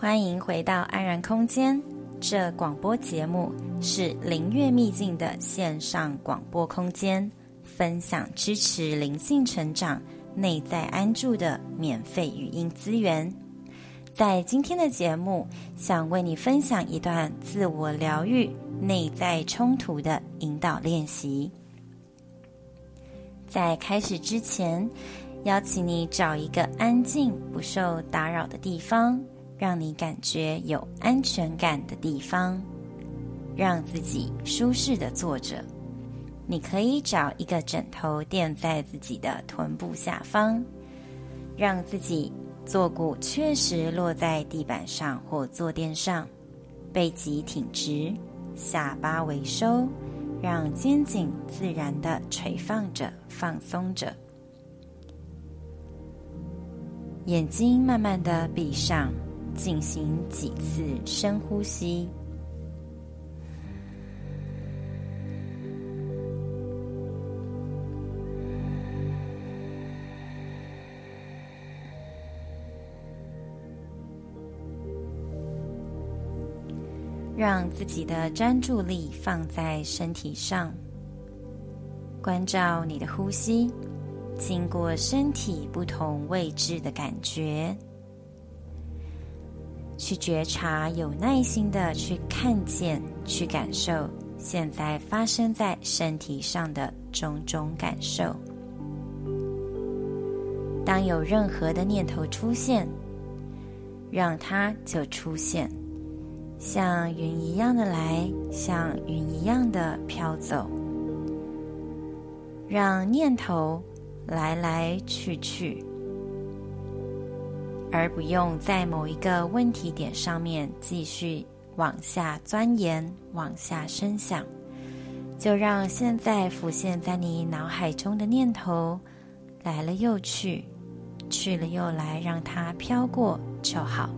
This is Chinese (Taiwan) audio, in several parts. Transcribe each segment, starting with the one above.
歡迎回到安然空間，這廣播節目是靈悅祕境的線上廣播空間，分享支持靈性成長、內在安住的免費語音資源。在今天的節目，想為你分享一段自我療癒、內在衝突的引導練習。在開始之前，邀請你找一個安靜、不受打擾的地方。讓你感覺有安全感的地方，讓自己舒適的坐着。你可以找一個枕頭墊在自己的臀部下方，讓自己坐骨確實落在地板上或坐墊上。背脊挺直，下巴微收，讓肩頸自然的垂放着，放鬆着。眼睛慢慢的閉上。進行幾次深呼吸，讓自己的專注力放在身體上，觀照你的呼吸，經過身體不同位置的感覺。去覺察，有耐心的去看見，去感受現在發生在身體上的種種感受。當有任何的念頭出現，讓它就出現，像雲一樣的來，像雲一樣的飄走，讓念頭來來去去。而不用在某一個問題點上面繼續往下鑽研，往下深想，就讓現在浮現在你腦海中的念頭來了又去，去了又來，讓它飄過就好。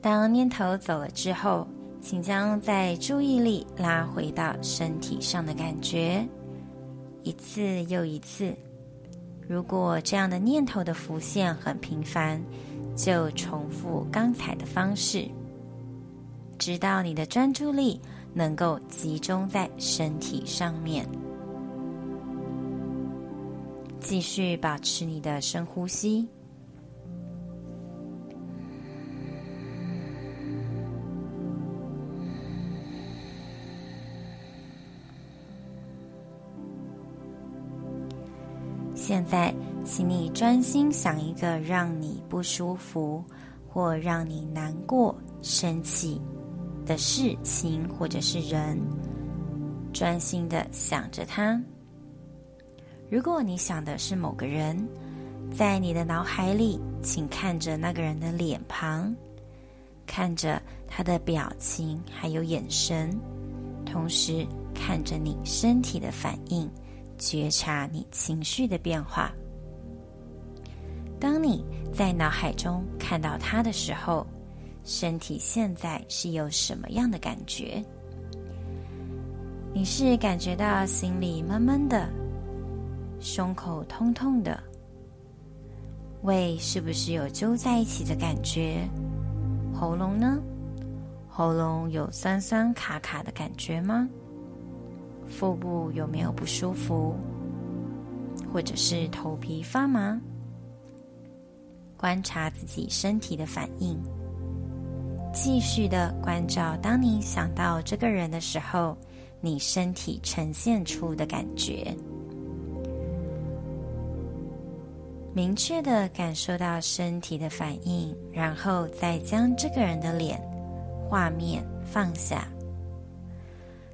當念頭走了之後，請將在注意力拉回到身體上的感覺，一次又一次。如果這樣的念頭的浮現很頻繁，就重複剛才的方式，直到你的專注力能夠集中在身體上面。繼續保持你的深呼吸。現在，請你專心想一個讓你不舒服或讓你難過、生氣的事情，或者是人，專心的想着他。如果你想的是某個人，在你的腦海裡，請看着那個人的臉龐，看着他的表情還有眼神，同時看着你身體的反應。覺察你情緒的變化。當你在腦海中看到它的時候，身體現在是有什麼樣的感覺？你是感覺到心裡悶悶的，胸口痛痛的，胃是不是有揪在一起的感覺？喉嚨呢？喉嚨有酸酸卡卡的感覺嗎？腹部有沒有不舒服？或者是頭皮發麻？觀察自己身體的反應，繼續的關照。當你想到這個人的時候，你身體呈現出的感覺，明確的感受到身體的反應，然後再將這個人的臉、畫面放下。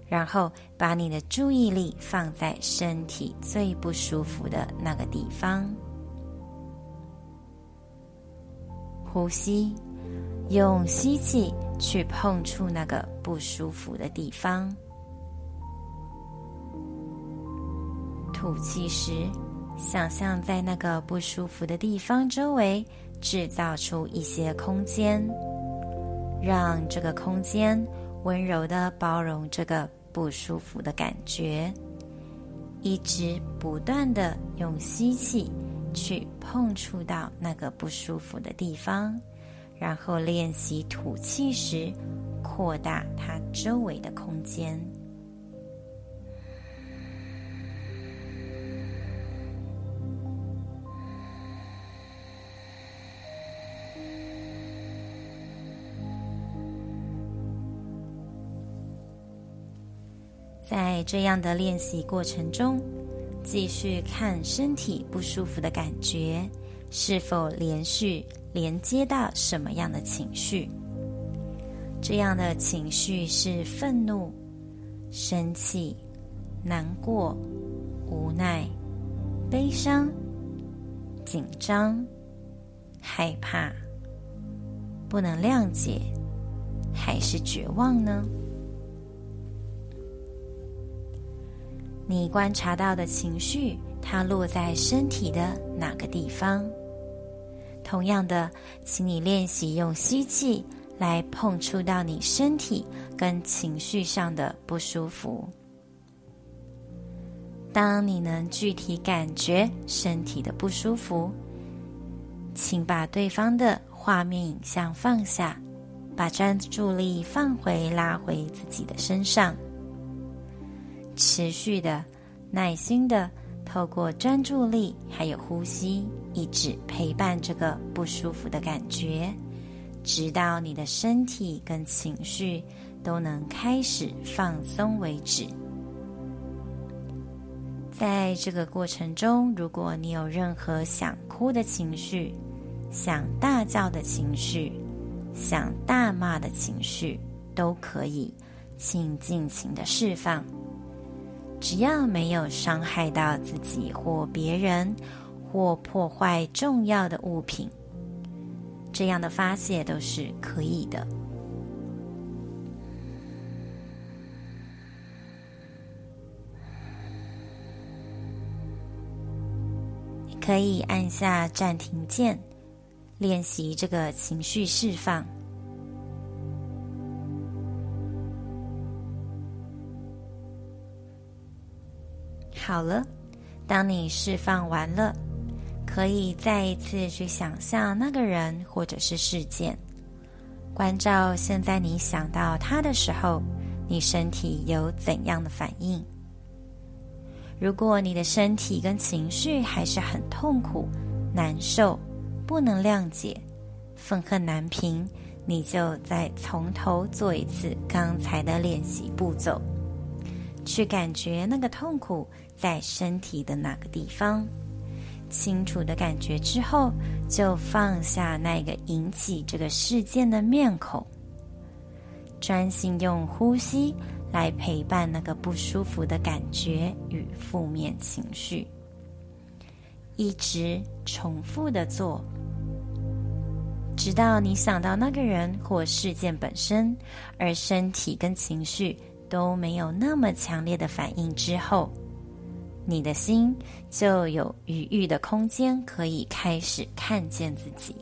然後把你的注意力放在身體最不舒服的那個地方，呼吸，用吸氣去碰觸那個不舒服的地方，吐氣時，想象在那個不舒服的地方周圍制造出一些空間，讓這個空間。溫柔的包容這個不舒服的感覺，一直不斷的用吸氣去碰觸到那個不舒服的地方，然後練習吐氣時擴大它周圍的空間。在這樣的練習過程中，繼續看身體不舒服的感覺是否連續連接到什麼樣的情緒？這樣的情緒是憤怒、生氣、難過、無奈、悲傷、緊張、害怕、不能諒解，還是絕望呢？你觀察到的情緒，它落在身體的哪個地方？同樣的，請你練習用吸氣來碰觸到你身體跟情緒上的不舒服。當你能具體感覺身體的不舒服，請把對方的畫面影像放下，把專注力放回，拉回自己的身上。持續的、耐心的，透過專注力還有呼吸，一直陪伴這個不舒服的感覺，直到你的身體跟情緒都能開始放鬆為止。在這個過程中，如果你有任何想哭的情緒、想大叫的情緒、想大罵的情緒，都可以，請盡情的釋放。只要沒有傷害到自己或別人，或破壞重要的物品，這樣的發洩都是可以的。可以按下暫停鍵，練習這個情緒釋放。好了，當你釋放完了，可以再一次去想象那個人或者是事件，關照現在你想到他的時候，你身體有怎樣的反應？如果你的身體跟情緒還是很痛苦、難受、不能諒解、憤恨難平，你就再從頭做一次剛才的練習步驟。去感覺那個痛苦在身體的哪個地方，清楚的感覺之後，就放下那個引起這個事件的面孔，專心用呼吸來陪伴那個不舒服的感覺與負面情緒，一直重複的做，直到你想到那個人或事件本身，而身體跟情緒，都沒有那麼強烈的反應之後，你的心就有餘裕的空間，可以開始看見自己。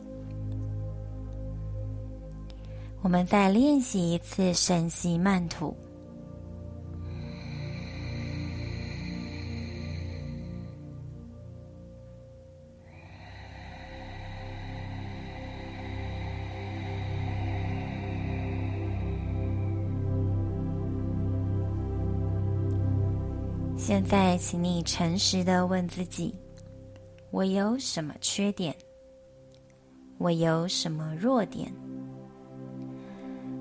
我們再練習一次深吸慢吐。現在，請你誠實地問自己：我有什麼缺點？我有什麼弱點？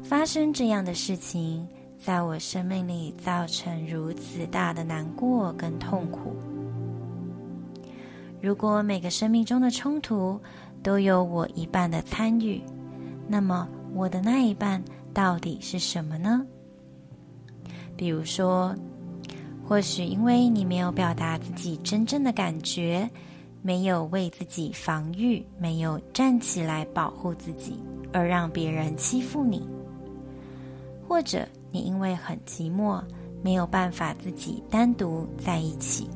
發生這樣的事情，在我生命裡造成如此大的難過跟痛苦。如果每個生命中的衝突都有我一半的參與，那麼我的那一半到底是什麼呢？比如說。或許因為你沒有表達自己真正的感覺，沒有為自己防禦，沒有站起來保護自己，而讓別人欺負你；或者你因為很寂寞，沒有辦法自己單獨在一起，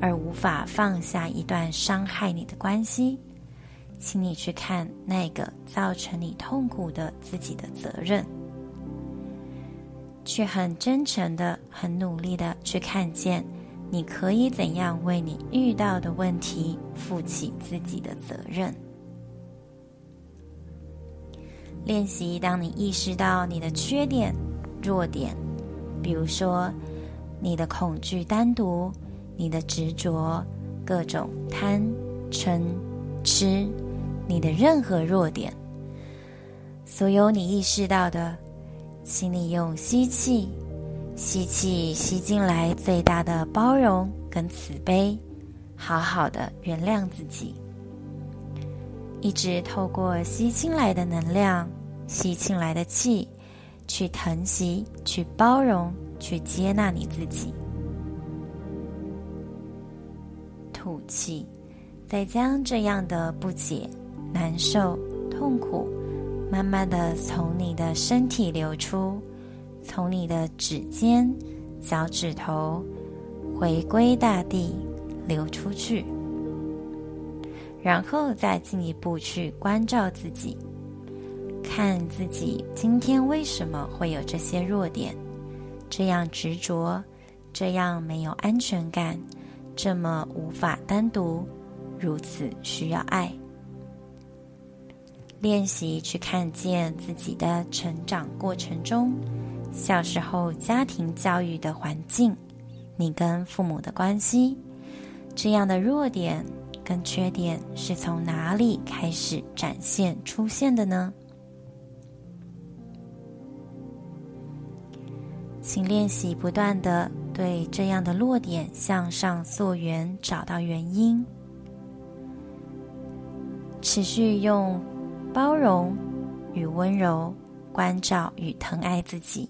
而無法放下一段傷害你的關係，請你去看那個造成你痛苦的自己的責任。卻很真誠的、很努力的去看見，你可以怎樣為你遇到的問題負起自己的責任。練習，當你意識到你的缺點、弱點，比如說你的恐懼、單獨、你的執着、各種貪、嗔、癡，你的任何弱點，所有你意識到的。請你用吸氣，吸氣吸進來最大的包容跟慈悲，好好的原諒自己，一直透過吸進來的能量，吸進來的氣，去疼惜，去包容，去接納你自己。吐氣，再將這樣的不解、難受、痛苦。慢慢的從你的身體流出，從你的指尖、腳趾頭回歸大地，流出去，然後再進一步去關照自己，看自己今天為什麼會有這些弱點，這樣執着，這樣沒有安全感，這麼無法單獨，如此需要愛。練習去看見自己的成長過程中，小時候家庭教育的環境，你跟父母的關係，這樣的弱點跟缺點是從哪裡開始展現出現的呢？請練習不斷的對這樣的弱點向上溯源，找到原因，持續用。包容與溫柔，關照與疼愛自己。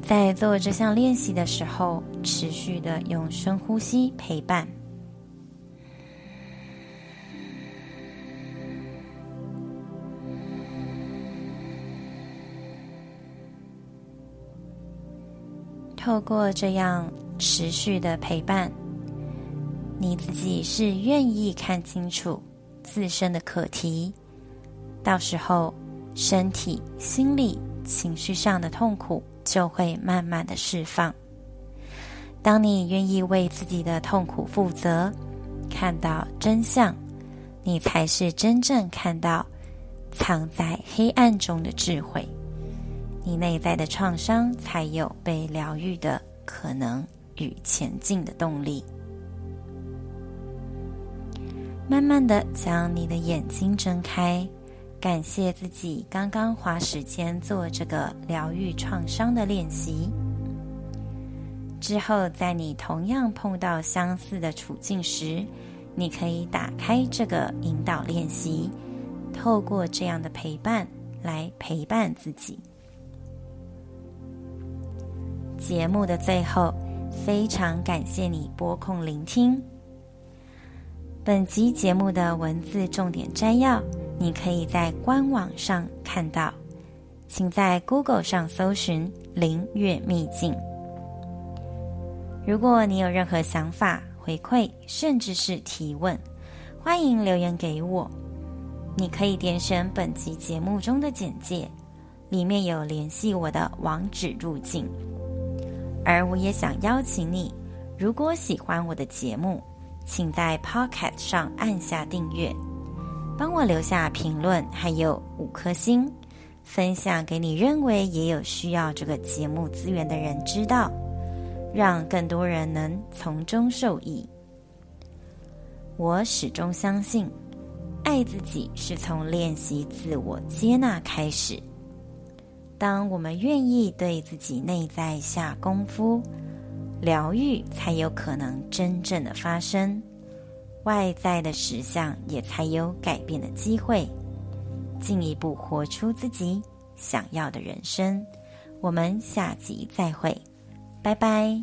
在做這項練習的時候，持續的用深呼吸陪伴。透過這樣持續的陪伴，你自己是願意看清楚，自身的課題，到時候，身體、心理、情緒上的痛苦就會慢慢的釋放。當你願意為自己的痛苦負責，看到真相，你才是真正看到藏在黑暗中的智慧，你內在的創傷才有被療癒的可能與前進的動力。慢慢的將你的眼睛睜開，感謝自己剛剛花時間做這個療癒創傷的練習。之後，在你同樣碰到相似的處境時，你可以打開這個引導練習，透過這樣的陪伴來陪伴自己。節目的最後，非常感謝你撥空聆聽。本集節目的文字重點摘要，你可以在官網上看到，請在 Google 上搜尋“靈月秘境”。如果你有任何想法、回饋，甚至是提問，歡迎留言給我。你可以點選本集節目中的簡介，裡面有聯繫我的網址路徑。而我也想邀請你，如果喜歡我的節目。請在 Pocket 上按下訂閱，幫我留下評論，還有五顆星，分享給你認為也有需要這個節目資源的人知道，讓更多人能從中受益。我始終相信，愛自己是從練習自我接納開始。當我們願意對自己內在下功夫，療癒才有可能真正的發生，外在的實相也才有改變的機會，進一步活出自己想要的人生。我們下集再會，拜拜。